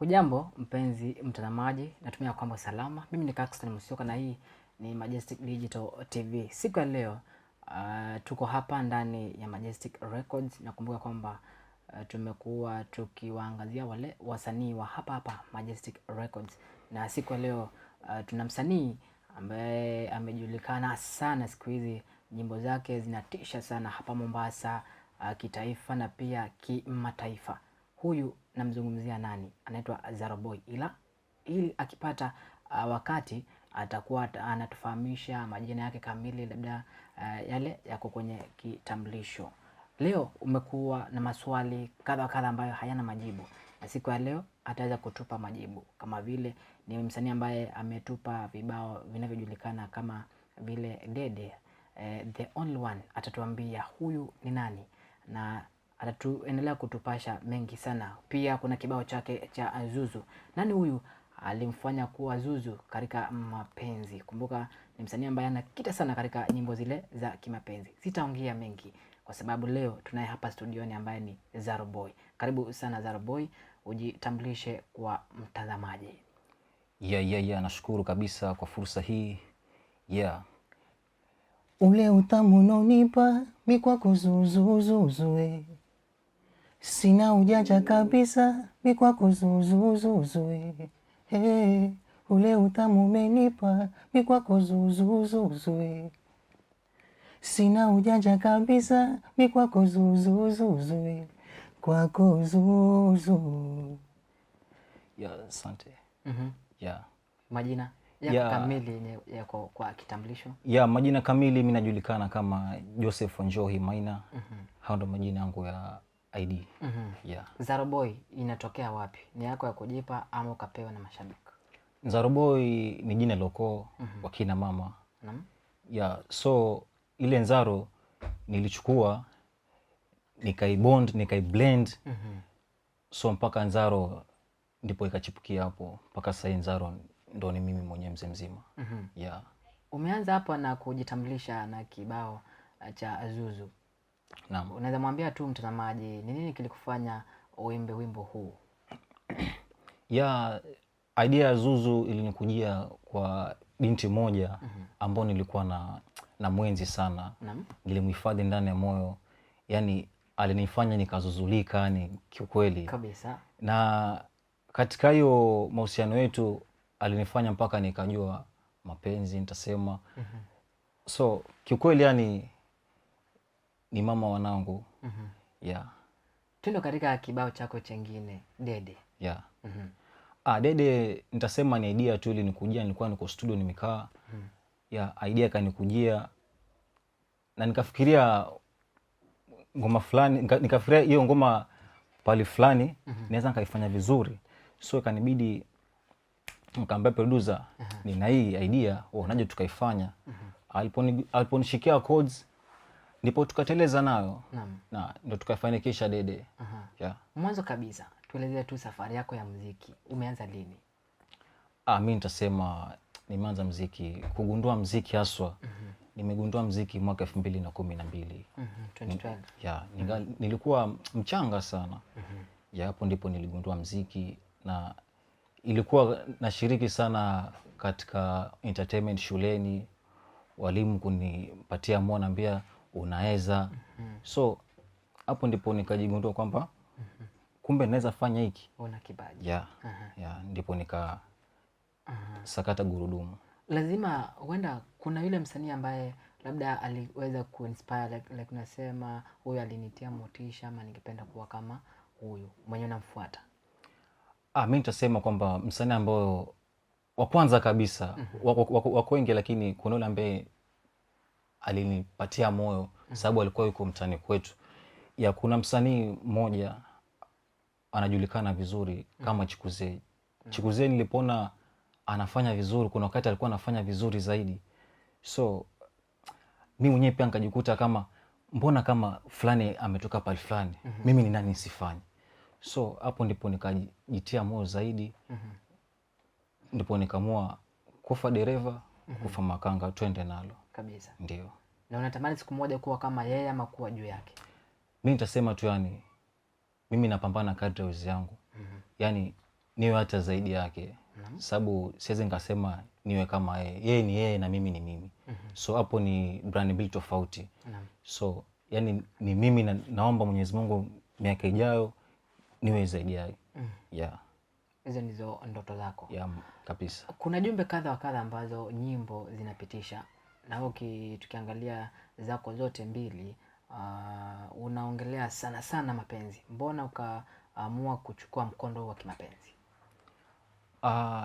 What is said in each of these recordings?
Hujambo mpenzi mtazamaji, natumia kwamba salama. Mimi ni kaxton Musyoka na hii ni Majestic Digital TV. Siku ya leo uh, tuko hapa ndani ya Majestic Records. Nakumbuka kwamba uh, tumekuwa tukiwaangazia wale wasanii wa hapa hapa Majestic Records, na siku ya leo uh, tuna msanii ambaye amejulikana sana siku hizi, nyimbo zake zinatisha sana hapa Mombasa, uh, kitaifa na pia kimataifa. Huyu namzungumzia nani? Anaitwa Zaraboy, ila ili akipata uh, wakati atakuwa anatufahamisha majina yake kamili, labda uh, yale yako kwenye kitambulisho. Leo umekuwa na maswali kadha kadha ambayo hayana majibu, na siku ya leo ataweza kutupa majibu, kama vile ni msanii ambaye ametupa vibao vinavyojulikana kama vile Dede, uh, the only one. Atatuambia huyu ni nani na atatuendelea kutupasha mengi sana. Pia kuna kibao chake cha Zuzu. Nani huyu alimfanya kuwa Zuzu katika mapenzi? Kumbuka ni msanii ambaye anakita sana katika nyimbo zile za kimapenzi. Sitaongea mengi kwa sababu leo tunaye hapa studioni ambaye ni zaroboy Karibu sana zaroboy ujitambulishe kwa mtazamaji. Yeah, yeah, yeah, nashukuru kabisa kwa fursa hii yeah. Ule utamu unaonipa Sina ujanja kabisa, ni kwa kuzuuzuuzuzu eh. hey, ule utamu umenipa, ni kwa kuzuuzuuzuzu eh. Sina ujanja kabisa, ni kwa kuzuuzuuzuzu kwa kuzuuzu. Eh. Ya, asante. Mhm. majina ya, ya kamili ya kwa, kwa kitambulisho ya majina kamili, mimi najulikana kama Joseph Njohi Maina. mm -hmm. Hao ndo majina yangu ya ID. mm -hmm. Yeah. Zaroboy inatokea wapi? Ni yako ya kujipa ama ukapewa na mashabiki? Zaroboy ni jina loko mm -hmm. wa kina mama mm -hmm. yeah. So ile Nzaro nilichukua nikaibond nikaiblend mm -hmm. so mpaka Nzaro ndipo ikachipukia hapo mpaka sasa Nzaro ndo ni mimi mwenyewe mzee mzima. mm -hmm. yeah. Umeanza hapa na kujitambulisha na kibao cha Azuzu Naam, unaweza mwambia tu mtazamaji ni nini kilikufanya uimbe wimbo huu? ya idea ya Zuzu ilinikujia kwa binti moja mhm. ambao nilikuwa na na mwenzi sana, nilimhifadhi ndani ya moyo, yani alinifanya nikazuzulika, yani kiukweli kabisa. Na katika hiyo mahusiano yetu alinifanya mpaka nikajua mapenzi nitasema. Mhm. So kiukweli yani ni mama wanangu. mm -hmm. yeah. Tundo, katika kibao chako chengine Dede. yeah. mm -hmm. Ah, Dede nitasema ni idea tu ili nikujia, nilikuwa niko studio nimekaa. mm -hmm. yeah, idea kanikujia na nikafikiria ngoma fulani nikafikiria hiyo ngoma pali fulani mm -hmm. naweza nikaifanya vizuri, so ikanibidi nikaambia producer, uh mhm. -huh. nina hii idea, unaje tukaifanya? uh Aliponishikia chords ndipo tukateleza nayo na ndo tukafanikisha Dede. Yeah. Mwanzo kabisa tuelezee tu safari yako ya muziki, umeanza lini? Ah, mi nitasema nimeanza muziki kugundua muziki haswa mm -hmm. nimegundua muziki mwaka elfu mbili na kumi na mbili mm Yeah, mm -hmm. nilikuwa mchanga sana mm -hmm. ya hapo ndipo niligundua muziki na ilikuwa nashiriki sana katika entertainment shuleni, walimu kunipatia mua naambia unaweza mm -hmm. So hapo ndipo nikajigundua kwamba mm -hmm. kumbe naweza fanya hiki, una kibaji yeah. uh mhm. -huh. yeah. ndipo nika uh mhm. -huh. sakata gurudumu. Lazima huenda kuna yule msanii ambaye labda aliweza kuinspire like, like nasema huyu alinitia motisha ama ningependa kuwa kama huyu mwenye unamfuata. Ah, mi nitasema kwamba msanii ambayo wa kwanza kabisa mm -hmm. wako wengi, lakini kuna yule ambaye alinipatia moyo sababu alikuwa yuko mtani kwetu. Ya kuna msanii mmoja anajulikana vizuri kama Chikuzee. Chikuzee nilipoona anafanya vizuri, kuna wakati alikuwa anafanya vizuri zaidi, so mi mwenyewe pia nkajikuta kama mbona kama fulani ametoka pali fulani, mm -hmm. mimi ni nani sifanyi So hapo ndipo nikajitia moyo zaidi, mm -hmm. ndipo nikamua kufa dereva, mm -hmm. kufa makanga, twende nalo kabisa. Ndio. Na unatamani siku moja kuwa kama yeye ama kuwa juu yake? Mimi nitasema tu yani, mimi napambana kadri ya wezi yangu mm -hmm. Yani niwe hata zaidi yake mm -hmm. Sababu siwezi nikasema niwe kama yeye, yeye ni yeye na mimi ni mimi mm -hmm. So hapo ni brand building tofauti mm -hmm. So yani ni mimi na, naomba Mwenyezi Mungu miaka ijayo niwe zaidi yake mm -hmm. yeah. Hizo ndizo ndoto zako? Yeah, kabisa. Kuna jumbe kadha wa kadha ambazo nyimbo zinapitisha na huku tukiangalia zako zote mbili uh, unaongelea sana sana mapenzi. Mbona ukaamua kuchukua mkondo wa kimapenzi? Uh,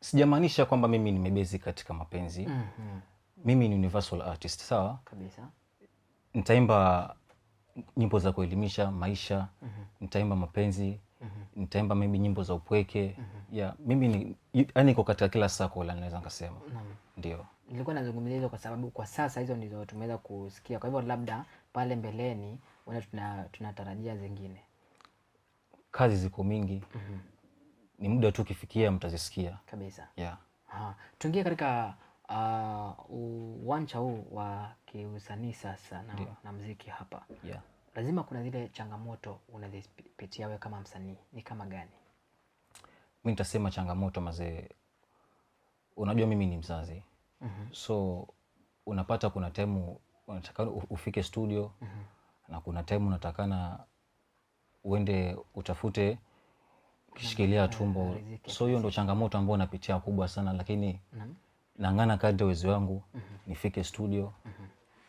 sijamaanisha kwamba mimi nimebezi katika mapenzi mm -hmm. Mimi ni universal artist, sawa kabisa. Nitaimba nyimbo za kuelimisha maisha mm -hmm. Nitaimba mapenzi mm -hmm. Nitaimba mimi nyimbo za upweke mm -hmm. Yeah, mimi ni yani, niko katika kila sako la naweza nikasema mm -hmm. Ndio nilikuwa nazungumzia hizo kwa sababu kwa sasa hizo ndizo tumeweza kusikia. Kwa hivyo labda pale mbeleni tuna tunatarajia zingine. Kazi ziko mingi mm -hmm. Ni muda tu ukifikia mtazisikia kabisa yeah. Tuingie katika ah, uwanja uh, huu wa kiusanii sasa na, na mziki hapa yeah. Lazima kuna zile changamoto unazipitia wewe kama msanii, ni kama gani? Mi nitasema changamoto mazee, unajua mimi ni mzazi -hmm. So unapata kuna temu unatakana ufike studio mm -hmm. na kuna temu unatakana uende utafute kishikilia tumbo, eh, so hiyo ndo changamoto ambayo napitia kubwa sana, lakini mm -hmm. nang'ana ya wezi wangu mm -hmm. nifike studio mm -hmm.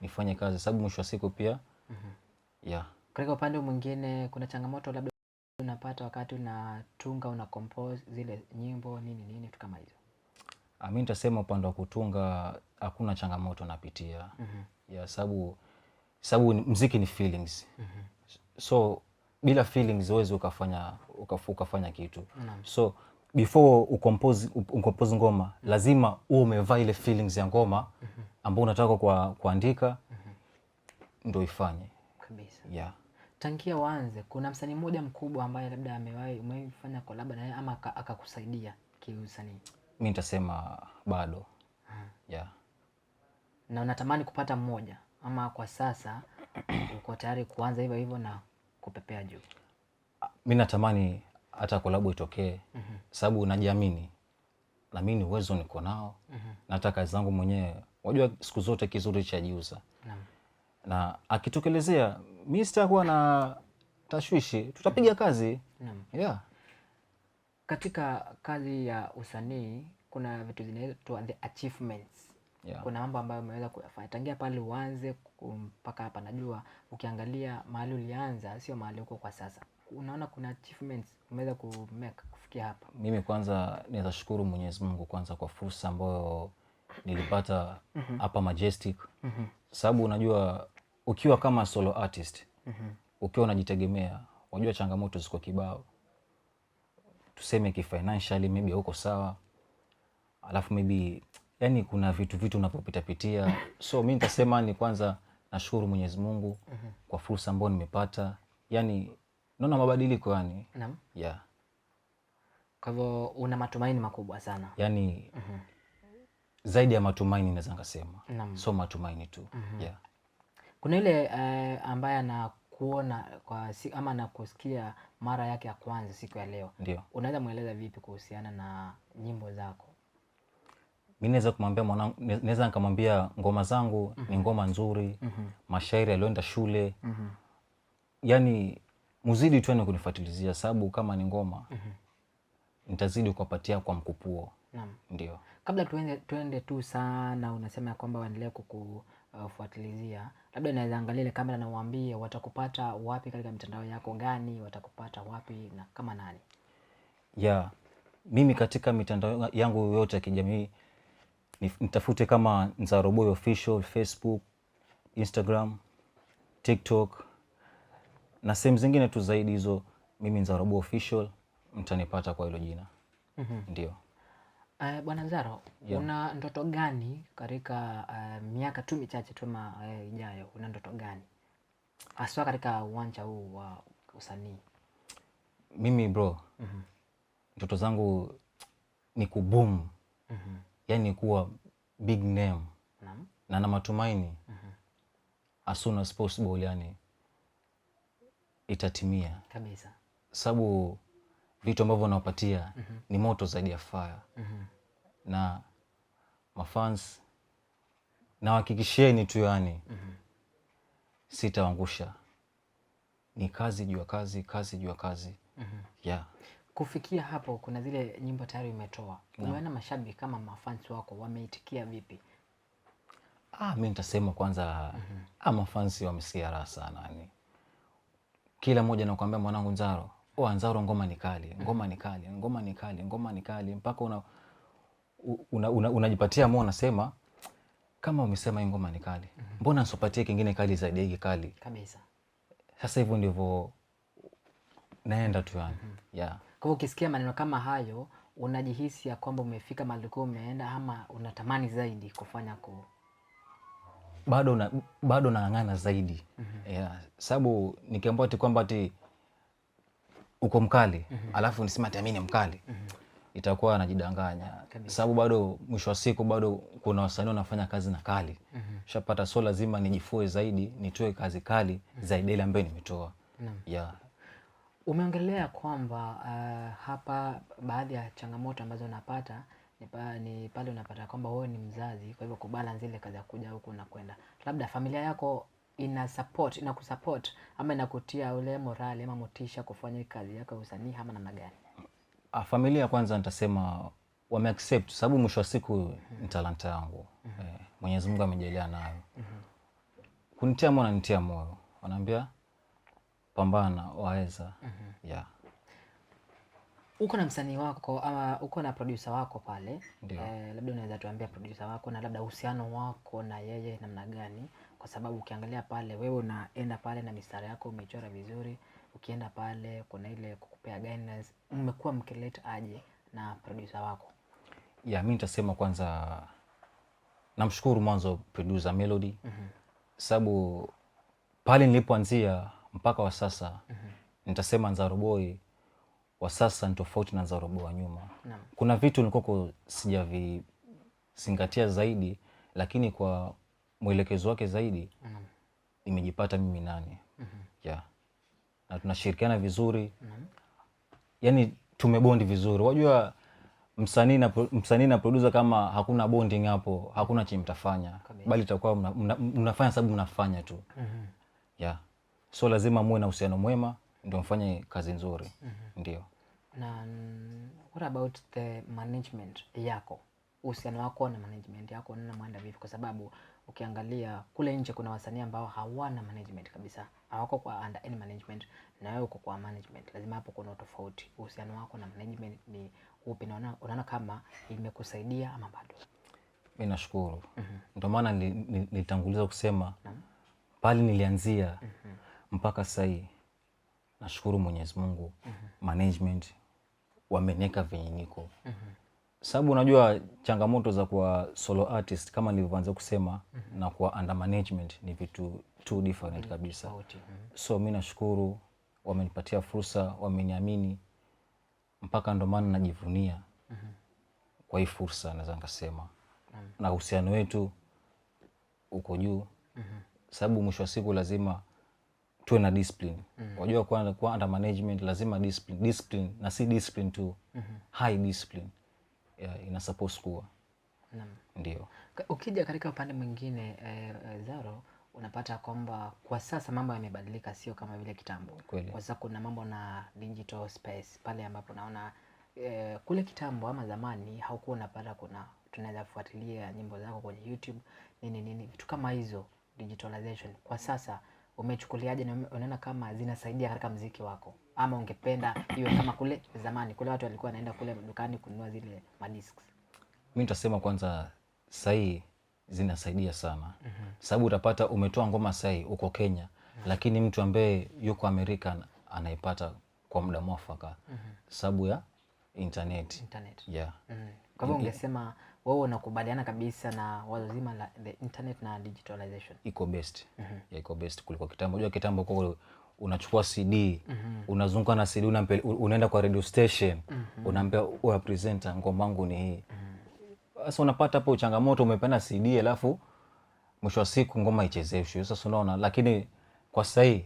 nifanye kazi, sababu mwisho wa siku pia mm -hmm. yeah. Katika upande mwingine kuna changamoto labda unapata wakati unatunga una compose zile nyimbo nini nini tu kama hizo Ah, mi nitasema upande wa kutunga hakuna changamoto napitia mm -hmm. ya sababu sababu mziki ni feelings mm -hmm. so bila feelings huwezi ukafanya, ukafanya kitu mm -hmm. so before ukompozi ngoma mm -hmm. lazima huo umevaa ile feelings ya ngoma mhm. ambao unataka kwa, kuandika mm -hmm. ndo ifanye kabisa yeah. Tangia waanze kuna msanii mmoja mkubwa ambaye labda amewahi umefanya kolaba naye ama akakusaidia kiusanii? Mi nitasema bado. Hmm. Yeah. Na unatamani kupata mmoja ama kwa sasa uko tayari kuanza hivyo hivyo na kupepea juu? Ah, mi natamani hata kolabu itokee, mm -hmm. sababu najiamini, namini uwezo niko nao mm -hmm. na hata kazi zangu mwenyewe, unajua siku zote kizuri chajiuza na akitokelezea mi sitakuwa na tashwishi, tutapiga kazi yeah katika kazi ya usanii kuna vitu zinaitwa the achievements yeah. Kuna mambo ambayo umeweza kuyafanya tangia pale uanze mpaka hapa. Najua ukiangalia mahali ulianza sio mahali huko kwa sasa, unaona kuna achievements umeweza ku make kufikia hapa. Mimi kwanza nitashukuru Mwenyezi Mungu kwanza kwa fursa ambayo nilipata mhm. hapa Majestic, mhm. sababu unajua ukiwa kama solo artist mhm. ukiwa unajitegemea, unajua changamoto ziko kibao tuseme kifinancially maybe hauko sawa, alafu maybe yani kuna vitu vitu unapopitapitia. So mi nitasema ni kwanza nashukuru Mwenyezi Mungu mhm. kwa fursa ambayo nimepata, yani naona mabadiliko yani naam, yeah. Kwa hivyo una matumaini makubwa sana yani mm -hmm. zaidi ya matumaini naweza ngasema, so matumaini tu mm -hmm. yeah. kuna yule uh, ambaye ana kuona kwa si, ama na kusikia mara yake ya kwanza siku ya leo, ndio unaweza mweleza vipi kuhusiana na nyimbo zako? Mimi naweza kumwambia mwanangu, naweza nikamwambia ngoma zangu mm -hmm. ni mhm. ngoma nzuri mm -hmm. mashairi yaliyoenda shule mm -hmm. yani muzidi tu, yaani kunifuatilizia, sababu kama ni ngoma mm -hmm. nitazidi kuwapatia kwa mkupuo. Naam, ndio. Kabla tuende, tuende tu sana, unasema ya kwamba waendelee kukufuatilizia labda naweza angalia ile kamera na uambie watakupata wapi katika mitandao yako gani, watakupata wapi na kama nani? Yeah, mimi katika mitandao yangu yote ya kijamii nitafute kama Nzaro Boy Official, Facebook, Instagram, TikTok na sehemu zingine tu zaidi hizo. Mimi Nzaro Boy Official mtanipata kwa hilo jina. mm -hmm. Ndio. Uh, Bwana Zaro, yeah. Una ndoto gani katika uh, miaka tu michache tuma uh, eh, ijayo, una ndoto gani haswa katika uwanja huu wa usanii? Mimi bro, mm -hmm. ndoto zangu ni kuboom mm -hmm. yaani kuwa big name na, na na matumaini mm -hmm. as soon as possible, yani itatimia kabisa, sababu vitu ambavyo unawapatia mm -hmm. ni moto zaidi ya fire mm -hmm na mafans nawahakikishieni tu yani mm -hmm. Sitaangusha, ni kazi juu ya kazi, kazi juu ya kazi mm -hmm. yeah. Kufikia hapo, kuna zile nyimbo tayari umetoa, umeona mashabiki kama mafans wako wameitikia vipi? Ah, mi nitasema kwanza mm -hmm. ah, mafans wamesikia raha sana yani. Kila mmoja nakuambia mwanangu Nzaro, oh, ngoma ni kali, ngoma ni kali, ngoma ni kali, ngoma ni kali mpaka una unajipatia una, una, mo unasema kama umesema hii ngoma ni kali, mhm. mbona nsopatie kingine kali zaidi ya hiki kali kabisa? Sasa hivyo ndivyo naenda tu yani. mm -hmm. yeah. Kwa hivyo ukisikia maneno kama hayo unajihisi ya kwamba umefika mahali ulikuwa umeenda, ama unatamani zaidi kufanya ku bado na, bado naang'ana zaidi mm -hmm. yeah. Sababu nikiambua ti kwamba ati uko mkali mm -hmm. alafu nisema ati mimi ni mkali mm -hmm itakuwa anajidanganya, sababu bado mwisho wa siku bado kuna wasanii wanafanya kazi na kali mm -hmm. Shapata, so lazima nijifue zaidi, nitoe kazi kali mm -hmm. zaidi ile ambayo nimetoa yeah. Umeongelea kwamba uh, hapa baadhi ya changamoto ambazo unapata ni pale unapata kwamba wewe ni mzazi, kwa hivyo kubalance ile kazi ya kuja huku na kwenda, labda familia yako ina support ina kusupport ama inakutia ule morali ama motisha kufanya kazi yako ya usanii ama namna gani? Ah, familia kwanza nitasema wameaccept sababu mwisho wa siku ni talanta yangu. mm -hmm. Eh, Mwenyezi Mungu amejalia nayo. mm -hmm. Kunitia moyo ananitia moyo, wanaambia pambana, waweza. mm -hmm. yeah. Uko na msanii wako ama uko na producer wako pale eh, labda unaweza tuambia producer wako na labda uhusiano wako na yeye namna gani? Kwa sababu ukiangalia pale wewe unaenda pale na mistari yako umechora vizuri ukienda pale kuna ile kukupea guidance. Mmekuwa mkileta aje na producer wako? Yeah, mi nitasema kwanza namshukuru mwanzo producer Melody mm -hmm. sababu pale nilipoanzia mpaka wa sasa mm -hmm. nitasema nzaroboi wa sasa ni tofauti na Nzaro wa nyuma no. kuna vitu nilikuwa sijavizingatia zaidi, lakini kwa mwelekezo wake zaidi mm -hmm. nimejipata mimi nani mm -hmm. yeah na tunashirikiana vizuri mm -hmm. Yani tumebondi vizuri, wajua msanii na, msanii na producer kama hakuna bonding hapo hakuna chini mtafanya, bali itakuwa mnafanya sababu mnafanya tu mm -hmm. yeah. so lazima muwe na uhusiano mwema ndio mfanye kazi nzuri mm -hmm. ndio na what about the management yako, uhusiano wako na management yako, nina mwenda vipi? Kwa sababu ukiangalia kule nje kuna wasanii ambao hawana management kabisa, hawako kwa under any management na wewe uko kwa management. Lazima hapo kuna tofauti, uhusiano wako na management ni upi, na unaona kama imekusaidia ama bado? Mimi nashukuru, mhm. ndio maana mm nilitanguliza kusema mm -hmm. pale nilianzia mm -hmm. mpaka sasa hivi nashukuru Mwenyezi Mungu mm -hmm. management wameniweka venye niko mm -hmm sababu unajua changamoto za kuwa solo artist kama nilivyoanza kusema mm -hmm. na kuwa under management ni vitu two different mm -hmm. kabisa mm -hmm. so mi nashukuru wamenipatia fursa, wameniamini mpaka ndo maana najivunia mm -hmm. kwa hii fursa naweza nikasema mm -hmm. na uhusiano wetu uko juu mm -hmm. sababu mwisho wa siku lazima tuwe na discipline mm -hmm. kwa under management lazima discipline, discipline na si discipline tu mm -hmm. high discipline suppose kuwa ndio. Ukija katika upande mwingine eh, eh, Zaro unapata kwamba kwa sasa mambo yamebadilika, sio kama vile kitambo. Kwa sasa kuna mambo na digital space pale ambapo naona eh, kule kitambo ama zamani haukuwa unapata kuna tunaweza kufuatilia nyimbo zako kwenye YouTube nini nini, vitu kama hizo digitalization. Kwa sasa umechukuliaje na unaona kama zinasaidia katika mziki wako, ama ungependa iwe kama kule zamani kule watu walikuwa wanaenda kule dukani kununua zile madisks? Mimi nitasema kwanza sahii zinasaidia sana mm -hmm. Sababu utapata umetoa ngoma sahii uko Kenya mm -hmm. Lakini mtu ambaye yuko Amerika anaipata kwa muda mwafaka mm -hmm. Sababu ya intaneti. Internet. Yeah. Mm -hmm. Kwa hivyo ungesema wewe unakubaliana kabisa na wazo zima la the internet na digitalization, iko best mm -hmm. yeah, iko best kuliko kitambo. Unajua kitambo kwa unachukua CD mm -hmm. unazunguka na CD unampel, unaenda kwa radio station mm -hmm. unaambia wewe presenter, ngoma yangu ni hii mm -hmm. sasa unapata hapo changamoto, umependa CD alafu mwisho wa siku ngoma ichezeshwe. Sasa unaona, lakini kwa sasa hii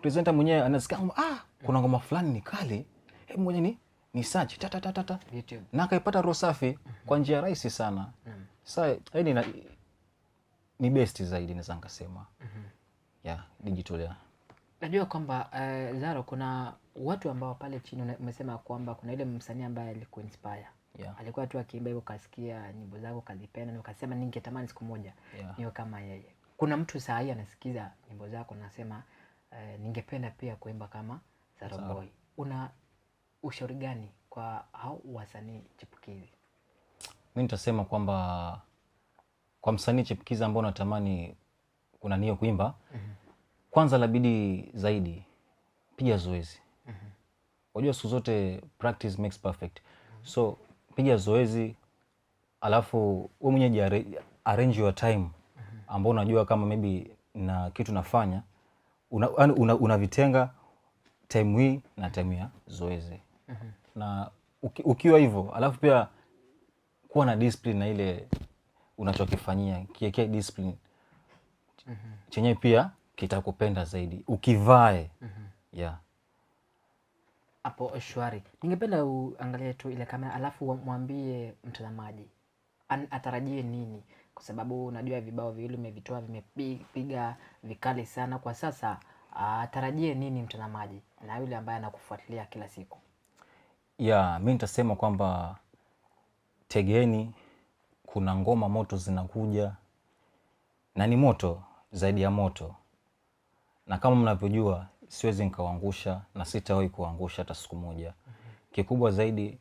presenter mwenyewe anasikia ah, kuna ngoma fulani ni kali, hebu mwenyewe ni ni search ta ta ta ta YouTube. na kaipata roho safi kwa njia rahisi sana. Sasa mm-hmm. yani eh, ni best zaidi naweza nikasema mm-hmm. ya digital. ya. Najua kwamba uh, Zaro kuna watu ambao pale chini umesema kwamba kuna ile msanii ambaye alikuinspire yeah. Alikuwa tu akiimba hivyo, kasikia nyimbo zako ukazipenda, na ukasema ningetamani siku moja yeah. niwe kama yeye. Kuna mtu saa hii anasikiza nyimbo zako nasema, uh, eh, ningependa pia kuimba kama Zaro Boy. Una ushauri gani kwa hao wasanii chipukizi? Mi nitasema kwamba kwa msanii chipukizi ambao unatamani kuna nio kuimba mm -hmm. Kwanza labidi zaidi, piga zoezi. Unajua mhm. mm -hmm. siku zote practice makes perfect mm -hmm. so piga zoezi, alafu we mwenyewe arrange your time mm -hmm. ambao unajua kama maybe na kitu nafanya unavitenga una, una, una time hii na time ya zoezi na uki, ukiwa hivyo alafu pia kuwa na discipline na ile unachokifanyia kiekea discipline mhm. chenyewe pia kitakupenda zaidi ukivae mhm. yeah hapo shwari. Ningependa uangalie tu ile kamera, alafu mwambie mtazamaji atarajie nini, kwa sababu unajua vibao viwili umevitoa vimepiga vikali sana kwa sasa. Atarajie nini mtazamaji na yule ambaye anakufuatilia kila siku? Ya, mi nitasema kwamba tegeni, kuna ngoma moto zinakuja na ni moto zaidi ya moto, na kama mnavyojua siwezi nikauangusha na sitawahi kuangusha hata siku moja. Kikubwa zaidi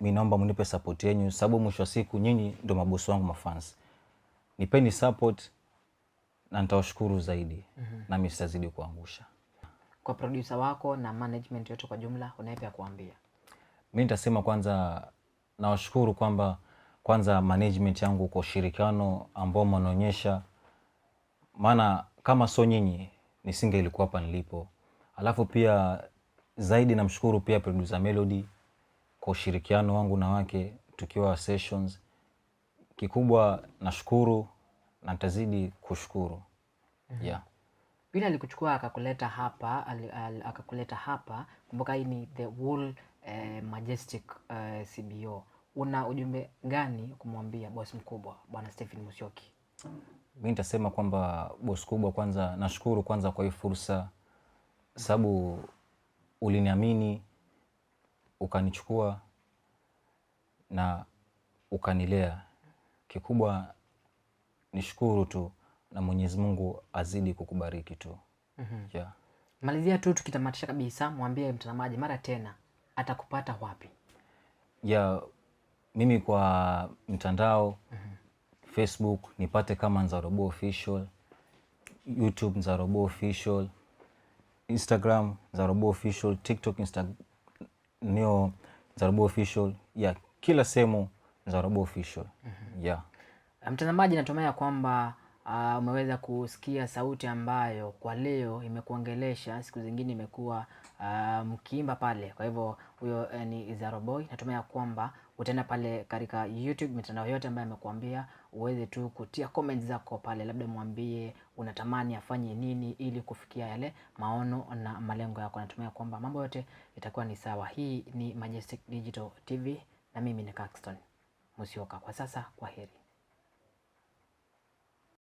mi naomba mnipe sapoti yenyu, sababu mwisho wa siku nyinyi ndo mabosi wangu, mafans, nipeni sapoti na nitawashukuru zaidi mm -hmm. Nami sitazidi kuangusha. Kwa produsa wako na management yote kwa jumla, unaweza kuambia mi nitasema kwanza, nawashukuru kwamba kwanza management yangu kwa ushirikiano ambao mnaonyesha, maana kama so nyinyi nisinge ilikuwa hapa nilipo. Alafu pia zaidi namshukuru pia producer Melody kwa ushirikiano wangu na wake tukiwa sessions. Kikubwa nashukuru na ntazidi kushukuru. mm -hmm. yeah. Bila alikuchukua akakuleta hapa al, al, akakuleta hapa. Kumbuka hii ni the whole eh, Majestic eh, CBO, una ujumbe gani kumwambia bos mkubwa bwana Stephen Musyoki? mi nitasema kwamba bos kubwa, kwanza nashukuru kwanza kwa hii fursa, sababu uliniamini ukanichukua na ukanilea. Kikubwa nishukuru tu na Mwenyezi Mungu azidi kukubariki tu. mm -hmm. yeah. Malizia tu tukitamatisha kabisa, mwambie mtazamaji mara tena atakupata wapi? Ya mimi kwa mtandao mm -hmm. Facebook nipate kama Nzarobo Official, YouTube Nzarobo Official, Instagram Nzarobo Official, TikTok Insta nio Nzarobo Official, ya kila sehemu Nzarobo Official mm -hmm. yeah. Mtazamaji, natumai ya kwamba uh, umeweza kusikia sauti ambayo kwa leo imekuongelesha, siku zingine imekuwa uh, mkiimba pale. Kwa hivyo huyo eh, ni Zaraboy. Natumia kwamba utaenda pale katika YouTube mitandao yote ambayo amekuambia uweze tu kutia comments zako pale, labda mwambie unatamani afanye nini ili kufikia yale maono na malengo yako. Natumia kwamba mambo yote itakuwa ni sawa. Hii ni Majestic Digital TV na mimi ni Caxton musioka Kwa sasa, kwa heri.